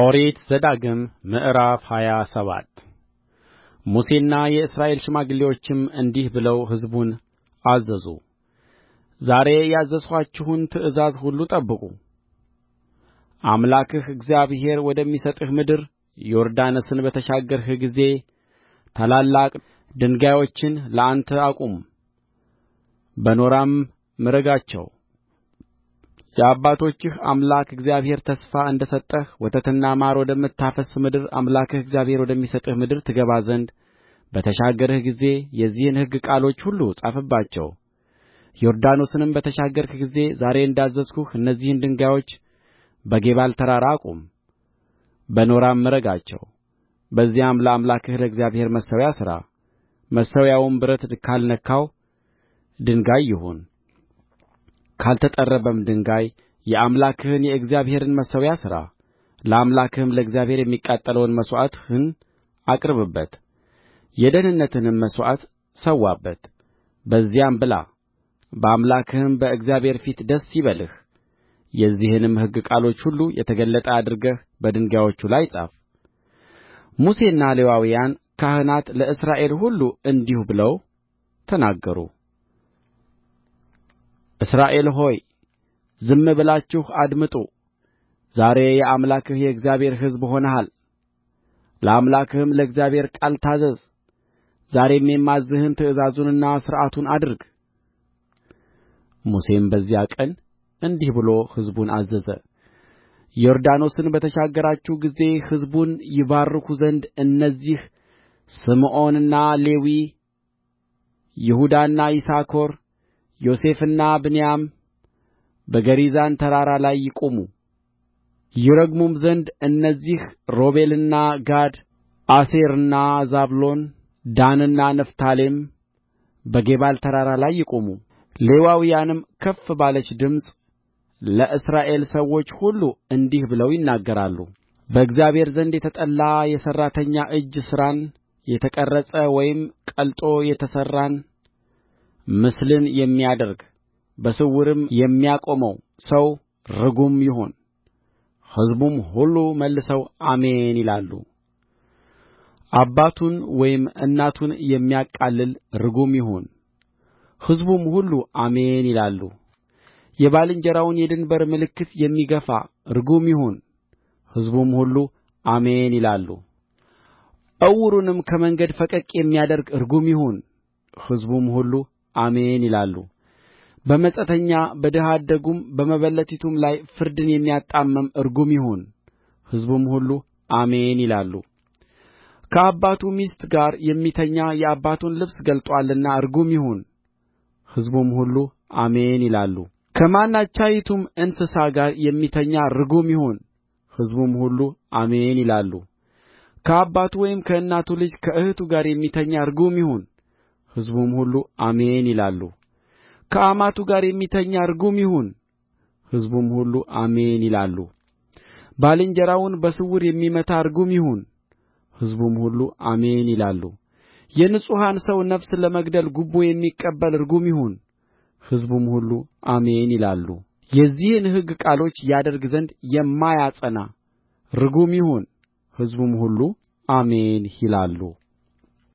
ኦሪት ዘዳግም ምዕራፍ ሃያ ሰባት ሙሴና የእስራኤል ሽማግሌዎችም እንዲህ ብለው ሕዝቡን አዘዙ። ዛሬ ያዘዝኋችሁን ትእዛዝ ሁሉ ጠብቁ። አምላክህ እግዚአብሔር ወደሚሰጥህ ምድር ዮርዳኖስን በተሻገርህ ጊዜ ታላላቅ ድንጋዮችን ለአንተ አቁም፣ በኖራም ምረጋቸው የአባቶችህ አምላክ እግዚአብሔር ተስፋ እንደ ሰጠህ ወተትና ማር ወደምታፈስስ ምድር አምላክህ እግዚአብሔር ወደሚሰጥህ ምድር ትገባ ዘንድ በተሻገርህ ጊዜ የዚህን ሕግ ቃሎች ሁሉ ጻፍባቸው ዮርዳኖስንም በተሻገርህ ጊዜ ዛሬ እንዳዘዝሁህ እነዚህን ድንጋዮች በጌባል ተራራ አቁም በኖራም ምረጋቸው በዚያም ለአምላክህ ለእግዚአብሔር መሠዊያ ሥራ መሠዊያውም ብረት ካልነካው ድንጋይ ይሁን ካልተጠረበም ድንጋይ የአምላክህን የእግዚአብሔርን መሠዊያ ሥራ ለአምላክህም ለእግዚአብሔር የሚቃጠለውን መሥዋዕትህን አቅርብበት የደኅንነትንም መሥዋዕት ሠዋበት በዚያም ብላ በአምላክህም በእግዚአብሔር ፊት ደስ ይበልህ የዚህንም ሕግ ቃሎች ሁሉ የተገለጠ አድርገህ በድንጋዮቹ ላይ ጻፍ ሙሴና ሌዋውያን ካህናት ለእስራኤል ሁሉ እንዲህ ብለው ተናገሩ እስራኤል ሆይ ዝም ብላችሁ አድምጡ ዛሬ የአምላክህ የእግዚአብሔር ሕዝብ ሆነሃል ለአምላክህም ለእግዚአብሔር ቃል ታዘዝ ዛሬም የማዝዝህን ትእዛዙንና ሥርዓቱን አድርግ ሙሴም በዚያ ቀን እንዲህ ብሎ ሕዝቡን አዘዘ ዮርዳኖስን በተሻገራችሁ ጊዜ ሕዝቡን ይባርኩ ዘንድ እነዚህ ስምዖንና ሌዊ፣ ይሁዳና ይሳኮር ዮሴፍና ብንያም በገሪዛን ተራራ ላይ ይቁሙ ይረግሙም ዘንድ እነዚህ ሮቤልና ጋድ አሴርና ዛብሎን ዳንና ንፍታሌም በጌባል ተራራ ላይ ይቁሙ ሌዋውያንም ከፍ ባለች ድምፅ ለእስራኤል ሰዎች ሁሉ እንዲህ ብለው ይናገራሉ በእግዚአብሔር ዘንድ የተጠላ የሠራተኛ እጅ ሥራን የተቀረጸ ወይም ቀልጦ የተሠራን ምስልን የሚያደርግ በስውርም የሚያቆመው ሰው ርጉም ይሁን። ሕዝቡም ሁሉ መልሰው አሜን ይላሉ። አባቱን ወይም እናቱን የሚያቃልል ርጉም ይሁን። ሕዝቡም ሁሉ አሜን ይላሉ። የባልንጀራውን የድንበር ምልክት የሚገፋ ርጉም ይሁን። ሕዝቡም ሁሉ አሜን ይላሉ። ዕውሩንም ከመንገድ ፈቀቅ የሚያደርግ ርጉም ይሁን። ሕዝቡም ሁሉ አሜን ይላሉ በመጻተኛ በድሀ አደጉም በመበለቲቱም ላይ ፍርድን የሚያጣምም ርጉም ይሁን ሕዝቡም ሁሉ አሜን ይላሉ ከአባቱ ሚስት ጋር የሚተኛ የአባቱን ልብስ ገልጦአልና ርጉም ይሁን ሕዝቡም ሁሉ አሜን ይላሉ ከማናቸይቱም እንስሳ ጋር የሚተኛ ርጉም ይሁን ሕዝቡም ሁሉ አሜን ይላሉ ከአባቱ ወይም ከእናቱ ልጅ ከእኅቱ ጋር የሚተኛ ርጉም ይሁን ሕዝቡም ሁሉ አሜን ይላሉ ከአማቱ ጋር የሚተኛ ርጉም ይሁን ሕዝቡም ሁሉ አሜን ይላሉ ባልንጀራውን በስውር የሚመታ ርጉም ይሁን ሕዝቡም ሁሉ አሜን ይላሉ የንጹሑን ሰው ነፍስ ለመግደል ጉቦ የሚቀበል ርጉም ይሁን ሕዝቡም ሁሉ አሜን ይላሉ የዚህን ሕግ ቃሎች ያደርግ ዘንድ የማያጸና ርጉም ይሁን ሕዝቡም ሁሉ አሜን ይላሉ